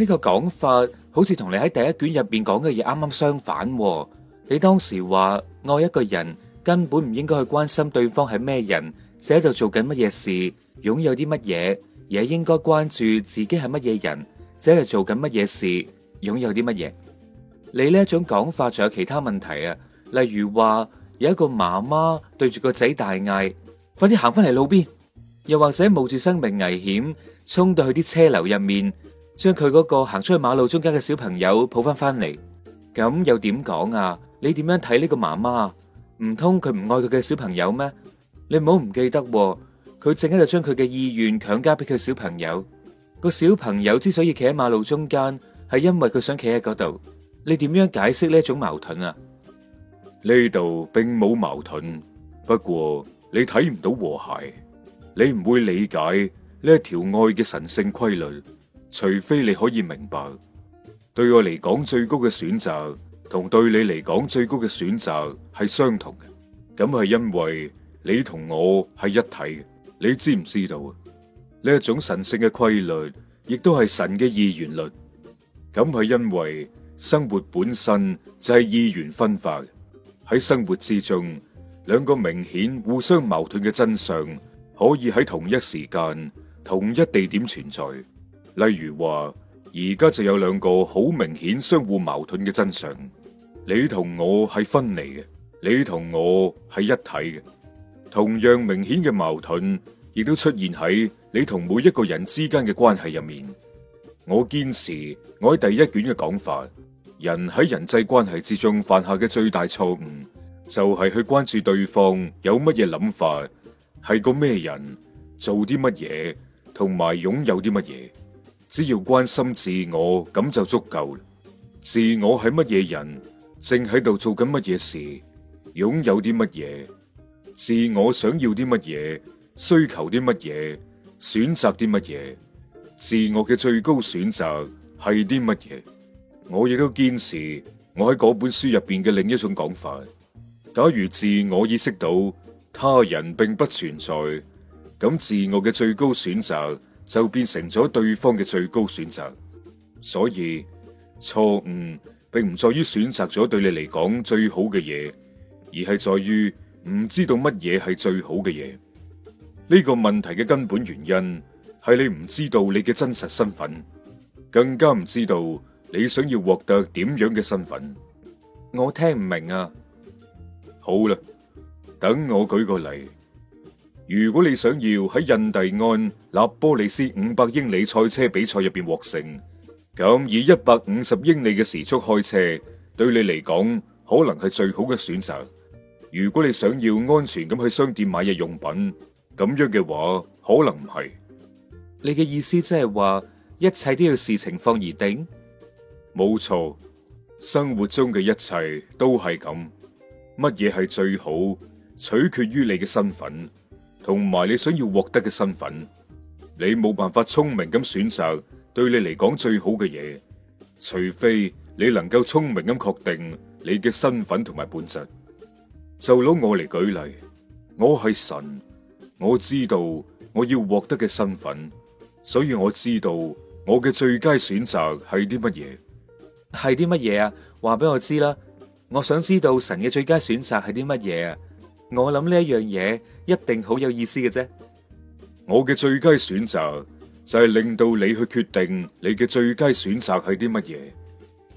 呢個講法好似同你喺第一卷入邊講嘅嘢啱啱相反。你當時話愛一個人根本唔應該去關心對方係咩人，正喺度做緊乜嘢事，擁有啲乜嘢，而係應該關注自己係乜嘢人，正喺度做緊乜嘢事，擁有啲乜嘢。你呢一種講法仲有其他問題啊？例如話有一個媽媽對住個仔大嗌：「快啲行翻嚟路邊！又或者冒住生命危險衝到去啲車流入面。將佢嗰個行出去馬路中間嘅小朋友抱翻翻嚟咁又點講啊？你點樣睇呢個媽媽？唔通佢唔愛佢嘅小朋友咩？你唔好唔記得喎，佢正喺度將佢嘅意願強加俾佢小朋友。個小朋友之所以企喺馬路中間，係因為佢想企喺嗰度。你點樣解釋呢一種矛盾啊？呢度並冇矛盾，不過你睇唔到和諧，你唔會理解呢一條愛嘅神聖規律。除非你可以明白，對我嚟講最高嘅選擇，同對你嚟講最高嘅選擇係相同嘅。咁係因為你同我係一體，你知唔知道呢一種神聖嘅規律，亦都係神嘅二元律。咁係因為生活本身就係二元分化。喺生活之中，兩個明顯互相矛盾嘅真相可以喺同一時間、同一地點存在。例如話，而家就有兩個好明顯相互矛盾嘅真相：你同我係分離嘅，你同我係一體嘅。同樣明顯嘅矛盾，亦都出現喺你同每一個人之間嘅關係入面。我堅持我喺第一卷嘅講法：人喺人際關係之中犯下嘅最大錯誤，就係去關注對方有乜嘢諗法，係個咩人，做啲乜嘢，同埋擁有啲乜嘢。只要關心自我，咁就足夠。自我係乜嘢人？正喺度做緊乜嘢事？擁有啲乜嘢？自我想要啲乜嘢？需求啲乜嘢？選擇啲乜嘢？自我嘅最高選擇係啲乜嘢？我亦都堅持我喺嗰本書入邊嘅另一種講法。假如自我意識到他人並不存在，咁自我嘅最高選擇。就變成咗對方嘅最高選擇，所以錯誤並唔在於選擇咗對你嚟講最好嘅嘢，而係在於唔知道乜嘢係最好嘅嘢。呢個問題嘅根本原因係你唔知道你嘅真實身份，更加唔知道你想要獲得點樣嘅身份。我聽唔明啊。好啦，等我舉個例。如果你想要喺印第安納波利斯五百英里賽車比賽入邊獲勝，咁以一百五十英里嘅時速開車，對你嚟講可能係最好嘅選擇。如果你想要安全咁去商店買日用品，咁樣嘅話可能唔係。你嘅意思即係話一切都要視情況而定？冇錯，生活中嘅一切都係咁，乜嘢係最好，取決於你嘅身份。同埋你想要獲得嘅身份，你冇辦法聰明咁選擇對你嚟講最好嘅嘢，除非你能夠聰明咁確定你嘅身份同埋本質。就攞我嚟舉例，我係神，我知道我要獲得嘅身份，所以我知道我嘅最佳選擇係啲乜嘢。係啲乜嘢啊？話俾我知啦，我想知道神嘅最佳選擇係啲乜嘢啊？我諗呢一樣嘢一定好有意思嘅啫。我嘅最佳選擇就係令到你去決定你嘅最佳選擇係啲乜嘢？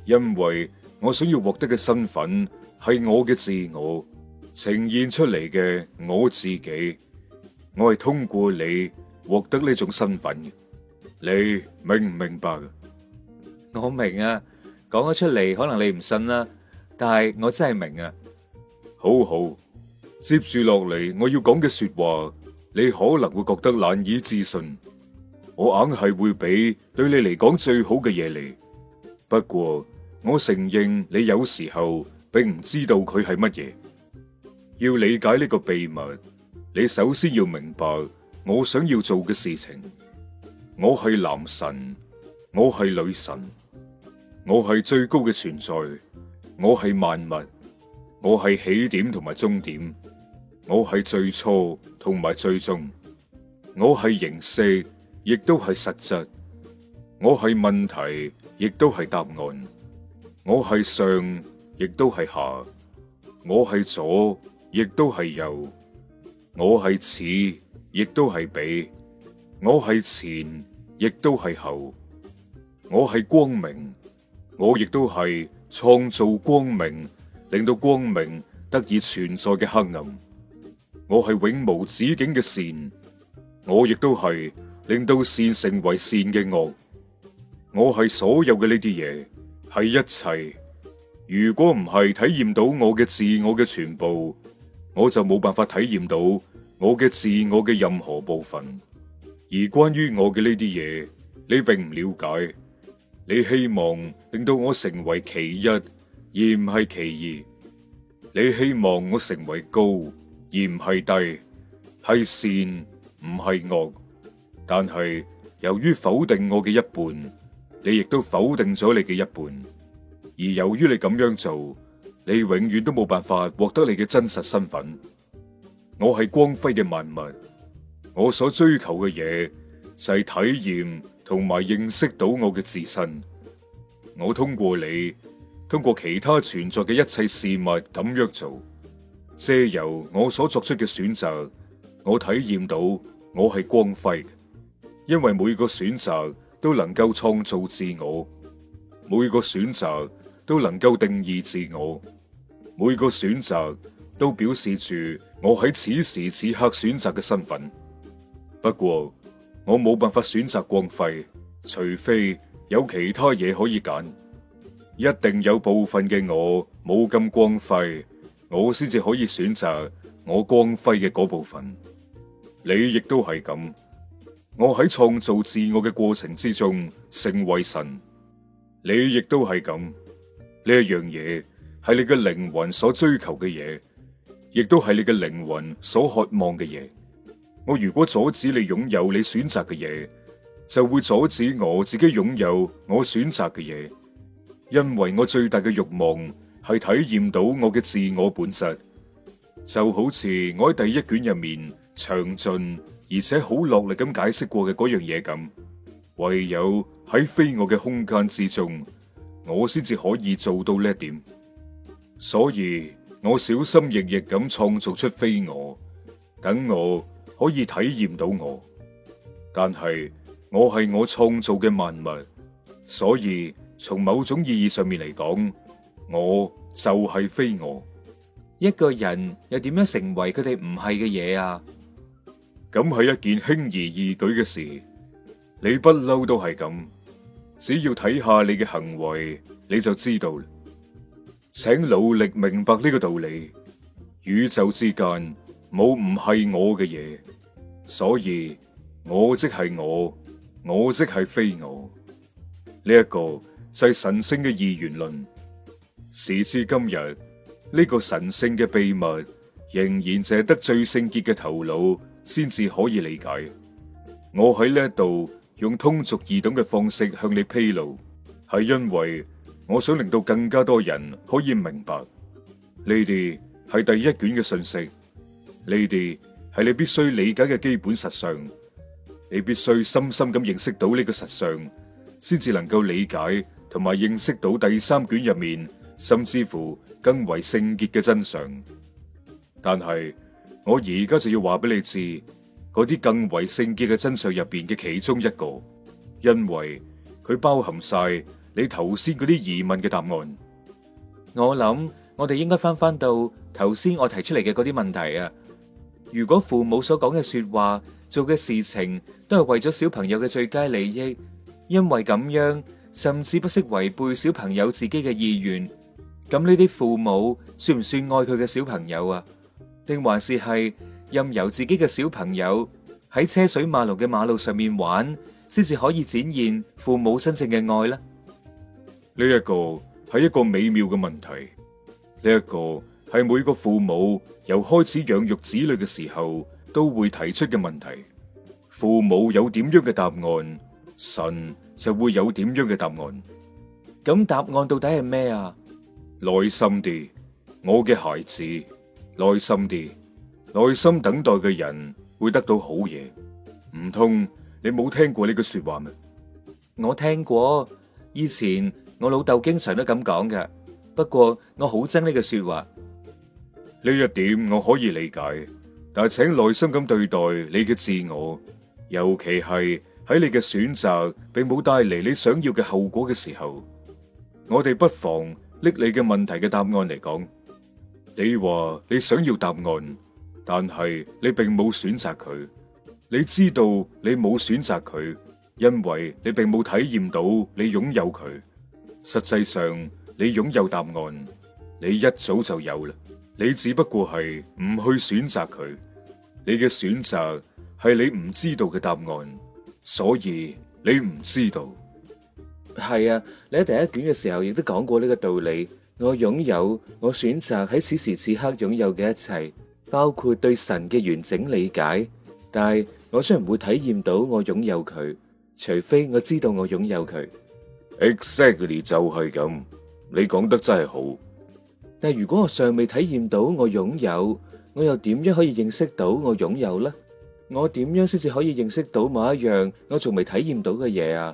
因為我想要獲得嘅身份係我嘅自我呈現出嚟嘅我自己。我係通過你獲得呢種身份嘅，你明唔明白啊？我明啊，講咗出嚟可能你唔信啦，但係我真係明啊。好好。接住落嚟，我要講嘅說話，你可能會覺得難以置信。我硬係會俾對你嚟講最好嘅嘢嚟。不過，我承認你有時候並唔知道佢係乜嘢。要理解呢個秘密，你首先要明白我想要做嘅事情。我係男神，我係女神，我係最高嘅存在，我係萬物，我係起點同埋終點。我係最初同埋最終，我係形式亦都係實質，我係問題亦都係答案，我係上亦都係下，我係左亦都係右，我係此亦都係彼，我係前亦都係後，我係光明，我亦都係創造光明，令到光明得以存在嘅黑暗。我係永無止境嘅善，我亦都係令到善成為善嘅惡。我係所有嘅呢啲嘢，係一切。如果唔係體驗到我嘅自我嘅全部，我就冇辦法體驗到我嘅自我嘅任何部分。而關於我嘅呢啲嘢，你並唔了解。你希望令到我成為其一，而唔係其二。你希望我成為高。而唔係低，係善，唔係惡，但係由於否定我嘅一半，你亦都否定咗你嘅一半。而由於你咁樣做，你永遠都冇辦法獲得你嘅真實身份。我係光輝嘅萬物，我所追求嘅嘢就係體驗同埋認識到我嘅自身。我通過你，通過其他存在嘅一切事物咁樣做。借由我所作出嘅選擇，我體驗到我係光輝，因為每個選擇都能夠創造自我，每個選擇都能夠定義自我，每個選擇都表示住我喺此時此刻選擇嘅身份。不過我冇辦法選擇光輝，除非有其他嘢可以揀，一定有部分嘅我冇咁光輝。我先至可以選擇我光輝嘅嗰部分，你亦都係咁。我喺創造自我嘅過程之中成為神，你亦都係咁。呢一樣嘢係你嘅靈魂所追求嘅嘢，亦都係你嘅靈魂所渴望嘅嘢。我如果阻止你擁有你選擇嘅嘢，就會阻止我自己擁有我選擇嘅嘢，因為我最大嘅慾望。係體驗到我嘅自我本質，就好似我喺第一卷入面詳盡而且好落力咁解釋過嘅嗰樣嘢咁。唯有喺非我嘅空間之中，我先至可以做到呢一點。所以我小心翼翼咁創造出非我，等我可以體驗到我。但係我係我創造嘅萬物，所以從某種意義上面嚟講。我就係非我。一個人又點樣成為佢哋唔係嘅嘢啊？咁係一件輕而易舉嘅事，你不嬲都係咁，只要睇下你嘅行為，你就知道啦。請努力明白呢個道理：宇宙之間冇唔係我嘅嘢，所以我即係我，我即係非我。呢、這、一個就係神聖嘅二元論。時至今日，呢、這個神聖嘅秘密仍然只係得最聖潔嘅頭腦先至可以理解。我喺呢一度用通俗易懂嘅方式向你披露，係因為我想令到更加多人可以明白。呢啲係第一卷嘅信息，呢啲係你必須理解嘅基本實相。你必須深深咁認識到呢個實相，先至能夠理解同埋認識到第三卷入面。甚至乎更為聖潔嘅真相，但係我而家就要話俾你知，嗰啲更為聖潔嘅真相入邊嘅其中一個，因為佢包含晒你頭先嗰啲疑問嘅答案。我諗我哋應該返返到頭先我提出嚟嘅嗰啲問題啊！如果父母所講嘅說話、做嘅事情都係為咗小朋友嘅最佳利益，因為咁樣，甚至不惜違背小朋友自己嘅意願。咁呢啲父母算唔算愛佢嘅小朋友啊？定還是係任由自己嘅小朋友喺車水馬龍嘅馬路上面玩，先至可以展現父母真正嘅愛呢？呢一個係一個美妙嘅問題，呢一個係每個父母由開始養育子女嘅時候都會提出嘅問題。父母有點樣嘅答案，神就會有點樣嘅答案。咁答案到底係咩啊？耐心啲，我嘅孩子，耐心啲，耐心等待嘅人會得到好嘢。唔通你冇聽過呢句說話咩？我聽過，以前我老豆經常都咁講嘅。不過我好憎呢句說話。呢一點我可以理解，但請耐心咁對待你嘅自我，尤其係喺你嘅選擇並冇帶嚟你想要嘅後果嘅時候，我哋不妨。拎你嘅問題嘅答案嚟講，你話你想要答案，但係你並冇選擇佢。你知道你冇選擇佢，因為你並冇體驗到你擁有佢。實際上，你擁有答案，你一早就有啦。你只不過係唔去選擇佢。你嘅選擇係你唔知道嘅答案，所以你唔知道。係啊，你喺第一卷嘅時候亦都講過呢個道理。我擁有我選擇喺此時此刻擁有嘅一切，包括對神嘅完整理解。但係我雖然唔會體驗到我擁有佢，除非我知道我擁有佢。Exactly 就係咁，你講得真係好。但如果我尚未體驗到我擁有，我又點樣可以認識到我擁有呢？我點樣先至可以認識到某一樣我仲未體驗到嘅嘢啊？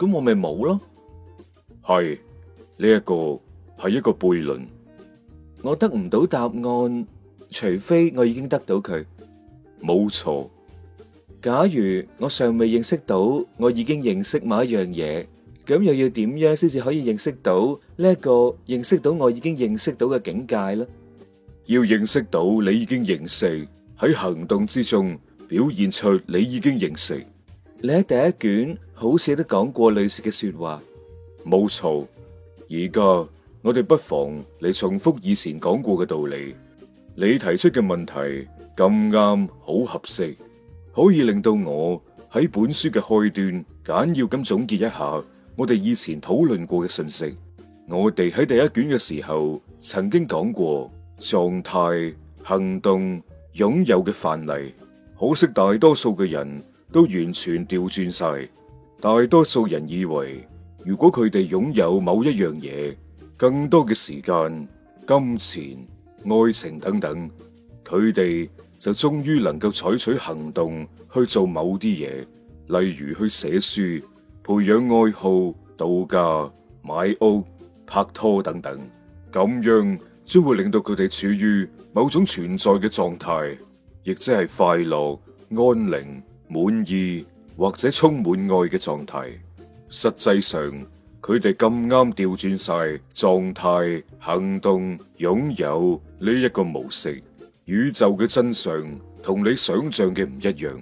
咁我咪冇咯，係呢一個係一個悖論，我得唔到答案，除非我已經得到佢，冇錯。假如我尚未認識到我已經認識某一樣嘢，咁又要點樣先至可以認識到呢一個認識到我已經認識到嘅境界呢？要認識到你已經認識，喺行動之中表現出你已經認識。你喺第一卷好似都講過類似嘅說話，冇錯。而家我哋不妨嚟重複以前講過嘅道理。你提出嘅問題咁啱，好合適，可以令到我喺本書嘅開端簡要咁總結一下我哋以前討論過嘅信息。我哋喺第一卷嘅時候曾經講過狀態、行動、擁有嘅範例，可惜大多數嘅人。都完全調轉晒，大多數人以為如果佢哋擁有某一樣嘢，更多嘅時間、金錢、愛情等等，佢哋就終於能夠採取行動去做某啲嘢，例如去寫書、培養愛好、度假、買屋、拍拖等等，咁樣將會令到佢哋處於某種存在嘅狀態，亦即係快樂、安寧。滿意或者充滿愛嘅狀態，實際上佢哋咁啱調轉晒狀態、行動、擁有呢一個模式。宇宙嘅真相同你想象嘅唔一樣。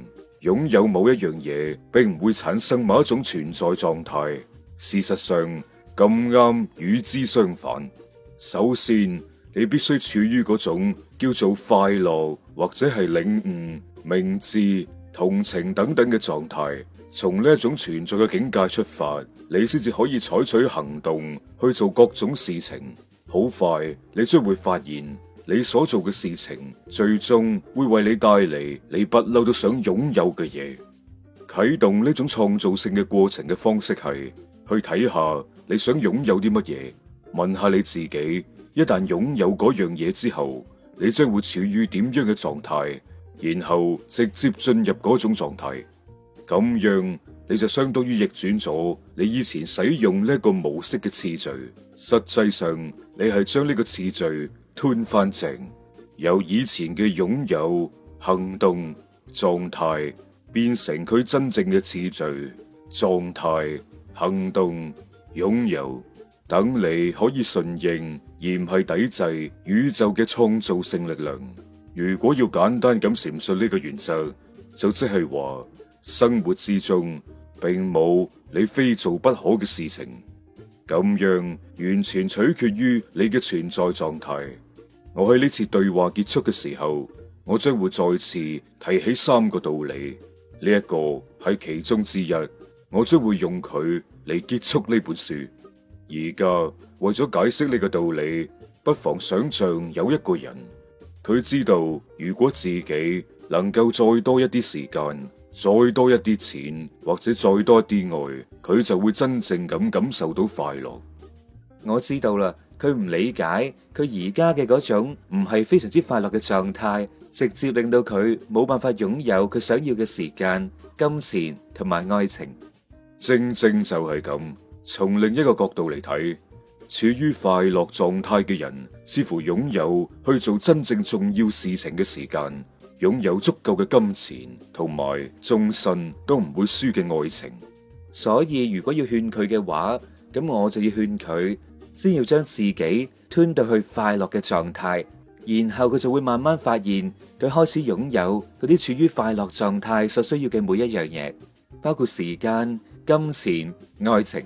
擁有某一樣嘢，並唔會產生某一種存在狀態。事實上咁啱與之相反。首先，你必須處於嗰種叫做快樂或者係領悟、明智、同情等等嘅狀態，從呢種存在嘅境界出發，你先至可以採取行動去做各種事情。好快，你將會發現你所做嘅事情最終會為你帶嚟你不嬲都想擁有嘅嘢。啟動呢種創造性嘅過程嘅方式係去睇下你想擁有啲乜嘢，問下你自己。一旦擁有嗰樣嘢之後，你將會處於點樣嘅狀態？然後直接進入嗰種狀態，咁樣你就相當於逆轉咗你以前使用呢個模式嘅次序。實際上，你係將呢個次序吞翻正，由以前嘅擁有、行動、狀態變成佢真正嘅次序、狀態、行動、擁有，等你可以順應而唔係抵制宇宙嘅創造性力量。如果要簡單咁陳述呢個原則，就即係話生活之中並冇你非做不可嘅事情，咁樣完全取決於你嘅存在狀態。我喺呢次對話結束嘅時候，我將會再次提起三個道理，呢一個係其中之一，我將會用佢嚟結束呢本書。而家為咗解釋呢個道理，不妨想象有一個人。佢知道，如果自己能夠再多一啲時間、再多一啲錢或者再多一啲愛，佢就會真正咁感受到快樂。我知道啦，佢唔理解佢而家嘅嗰種唔係非常之快樂嘅狀態，直接令到佢冇辦法擁有佢想要嘅時間、金錢同埋愛情。正正就係咁，從另一個角度嚟睇。處於快樂狀態嘅人，似乎擁有去做真正重要事情嘅時間，擁有足夠嘅金錢，同埋終身都唔會輸嘅愛情。所以如果要勸佢嘅話，咁我就要勸佢，先要將自己吞到去快樂嘅狀態，然後佢就會慢慢發現，佢開始擁有嗰啲處於快樂狀態所需要嘅每一樣嘢，包括時間、金錢、愛情。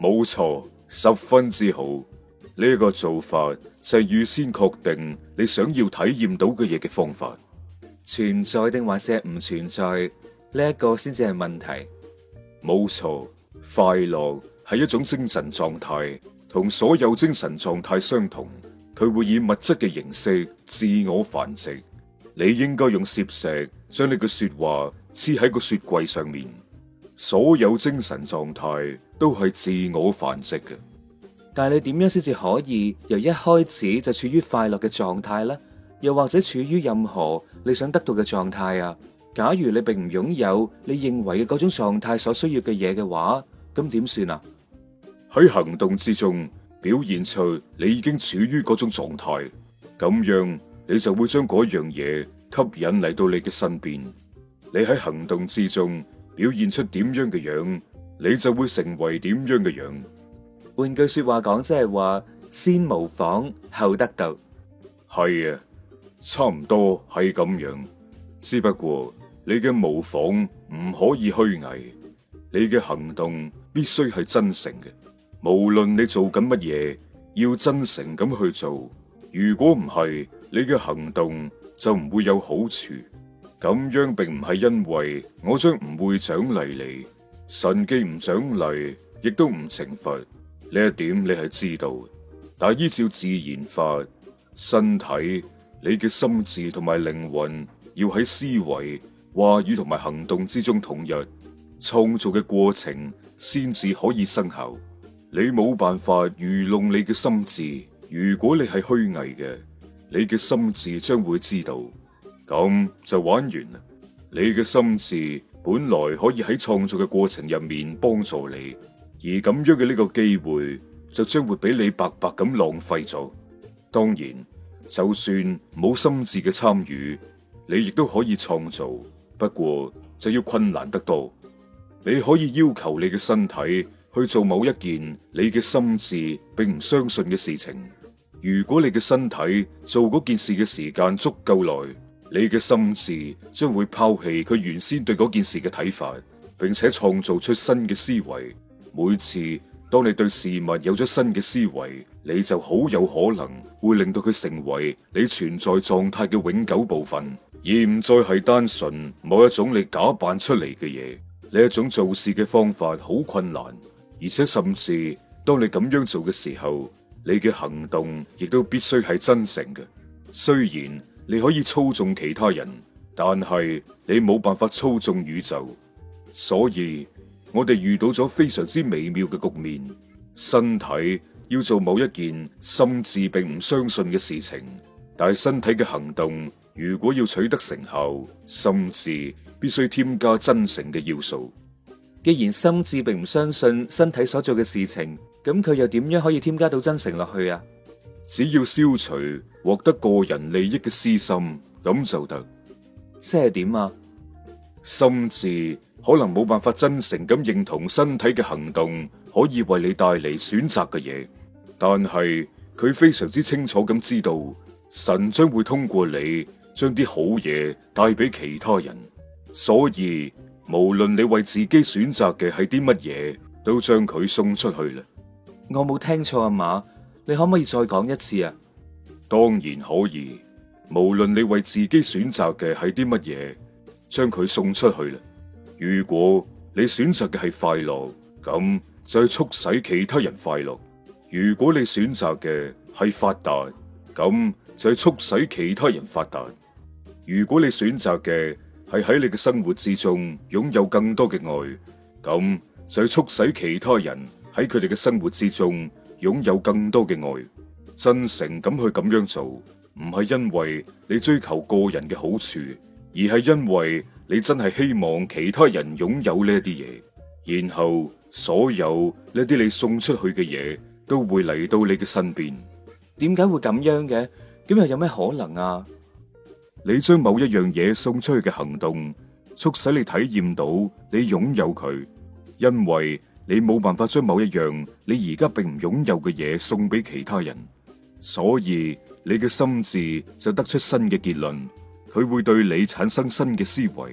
冇錯。十分之好，呢、這個做法就係預先確定你想要體驗到嘅嘢嘅方法。存在定還是唔存在，呢一、這個先至係問題。冇錯，快樂係一種精神狀態，同所有精神狀態相同，佢會以物質嘅形式自我繁殖。你應該用攝石將你嘅說話黐喺個雪櫃上面。所有精神狀態都係自我繁殖嘅，但係你點樣先至可以由一開始就處於快樂嘅狀態呢？又或者處於任何你想得到嘅狀態啊？假如你並唔擁有你認為嘅嗰種狀態所需要嘅嘢嘅話，咁點算啊？喺行動之中表現出你已經處於嗰種狀態，咁樣你就會將嗰樣嘢吸引嚟到你嘅身邊。你喺行動之中。表現出點樣嘅樣，你就會成為點樣嘅樣。換句說話講，即係話先模仿後得到。係啊，差唔多係咁樣。只不過你嘅模仿唔可以虛偽，你嘅行動必須係真誠嘅。無論你做緊乜嘢，要真誠咁去做。如果唔係，你嘅行動就唔會有好處。咁樣並唔係因為我將唔會獎勵你，神既唔獎勵，亦都唔懲罰。呢一點你係知道。但依照自然法，身體、你嘅心智同埋靈魂要喺思維、話語同埋行動之中統一。創造嘅過程先至可以生效。你冇辦法愚弄你嘅心智，如果你係虛偽嘅，你嘅心智將會知道。咁就玩完啦！你嘅心智本來可以喺創造嘅過程入面幫助你，而咁樣嘅呢個機會就將會俾你白白咁浪費咗。當然，就算冇心智嘅參與，你亦都可以創造，不過就要困難得多。你可以要求你嘅身體去做某一件你嘅心智並唔相信嘅事情。如果你嘅身體做嗰件事嘅時間足夠耐。你嘅心智將會拋棄佢原先對嗰件事嘅睇法，並且創造出新嘅思維。每次當你對事物有咗新嘅思維，你就好有可能會令到佢成為你存在狀態嘅永久部分，而唔再係單純某一種你假扮出嚟嘅嘢。呢一種做事嘅方法好困難，而且甚至當你咁樣做嘅時候，你嘅行動亦都必須係真誠嘅。雖然。你可以操縱其他人，但係你冇辦法操縱宇宙。所以，我哋遇到咗非常之美妙嘅局面。身體要做某一件，心智並唔相信嘅事情，但係身體嘅行動，如果要取得成效，心智必須添加真誠嘅要素。既然心智並唔相信身體所做嘅事情，咁佢又點樣可以添加到真誠落去啊？只要消除獲得個人利益嘅私心，咁就得。即係點啊？心智可能冇辦法真誠咁認同身體嘅行動可以為你帶嚟選擇嘅嘢，但係佢非常之清楚咁知道，神將會通過你將啲好嘢帶俾其他人。所以無論你為自己選擇嘅係啲乜嘢，都將佢送出去啦。我冇聽錯啊，馬。你可唔可以再講一次啊？當然可以。無論你為自己選擇嘅係啲乜嘢，將佢送出去啦。如果你選擇嘅係快樂，咁就係促使其他人快樂；如果你選擇嘅係發達，咁就係促使其他人發達；如果你選擇嘅係喺你嘅生活之中擁有更多嘅愛，咁就係促使其他人喺佢哋嘅生活之中。擁有更多嘅愛，真誠咁去咁樣做，唔係因為你追求個人嘅好處，而係因為你真係希望其他人擁有呢一啲嘢，然後所有呢啲你送出去嘅嘢，都會嚟到你嘅身邊。點解會咁樣嘅？咁又有咩可能啊？你將某一樣嘢送出去嘅行動，促使你體驗到你擁有佢，因為。你冇辦法將某一樣你而家並唔擁有嘅嘢送俾其他人，所以你嘅心智就得出新嘅結論，佢會對你產生新嘅思維。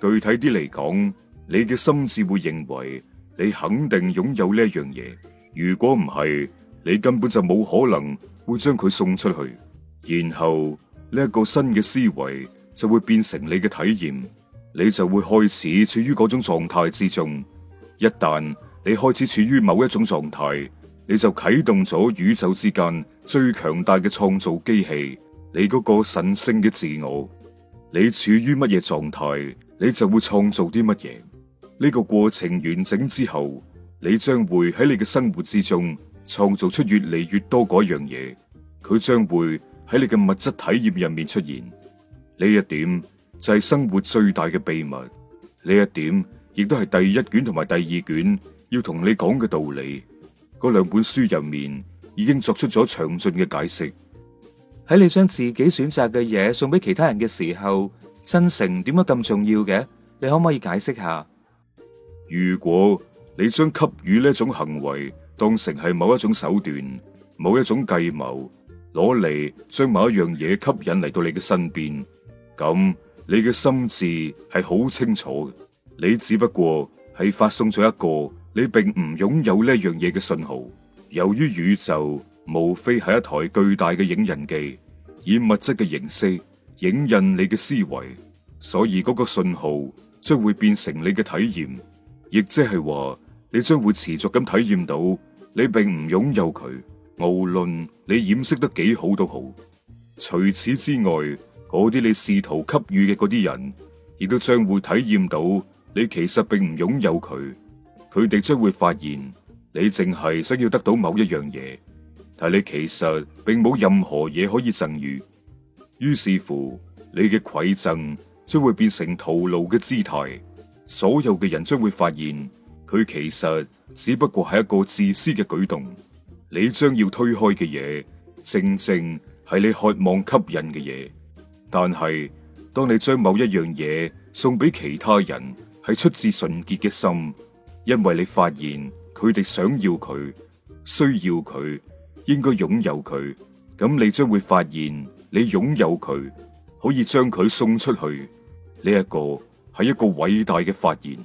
具體啲嚟講，你嘅心智會認為你肯定擁有呢一樣嘢，如果唔係，你根本就冇可能會將佢送出去。然後呢一個新嘅思維就會變成你嘅體驗，你就會開始處於嗰種狀態之中。一旦你開始處於某一種狀態，你就啟動咗宇宙之間最強大嘅創造機器。你嗰個神聖嘅自我，你處於乜嘢狀態，你就會創造啲乜嘢。呢個過程完整之後，你將會喺你嘅生活之中創造出越嚟越多嗰樣嘢。佢將會喺你嘅物質體驗入面出現。呢一點就係生活最大嘅秘密。呢一點亦都係第一卷同埋第二卷。要同你講嘅道理，嗰兩本書入面已經作出咗詳盡嘅解釋。喺你將自己選擇嘅嘢送俾其他人嘅時候，真誠點解咁重要嘅？你可唔可以解釋下？如果你將給予呢一種行為當成係某一種手段、某一種計謀，攞嚟將某一樣嘢吸引嚟到你嘅身邊，咁你嘅心智係好清楚嘅。你只不過係發送咗一個，你並唔擁有呢一樣嘢嘅信號，由於宇宙無非係一台巨大嘅影印機，以物質嘅形式影印你嘅思維，所以嗰個信號將會變成你嘅體驗，亦即係話你將會持續咁體驗到你並唔擁有佢，無論你掩飾得幾好都好。除此之外，嗰啲你試圖給予嘅嗰啲人，亦都將會體驗到你其實並唔擁有佢。佢哋將會發現，你淨係想要得到某一樣嘢，但你其實並冇任何嘢可以贈予。於是乎，你嘅饋贈將會變成徒勞嘅姿態。所有嘅人將會發現，佢其實只不過係一個自私嘅舉動。你將要推開嘅嘢，正正係你渴望吸引嘅嘢。但係，當你將某一樣嘢送俾其他人，係出自純潔嘅心。因為你發現佢哋想要佢、需要佢、應該擁有佢，咁你將會發現你擁有佢，可以將佢送出去，呢一個係一個偉大嘅發現。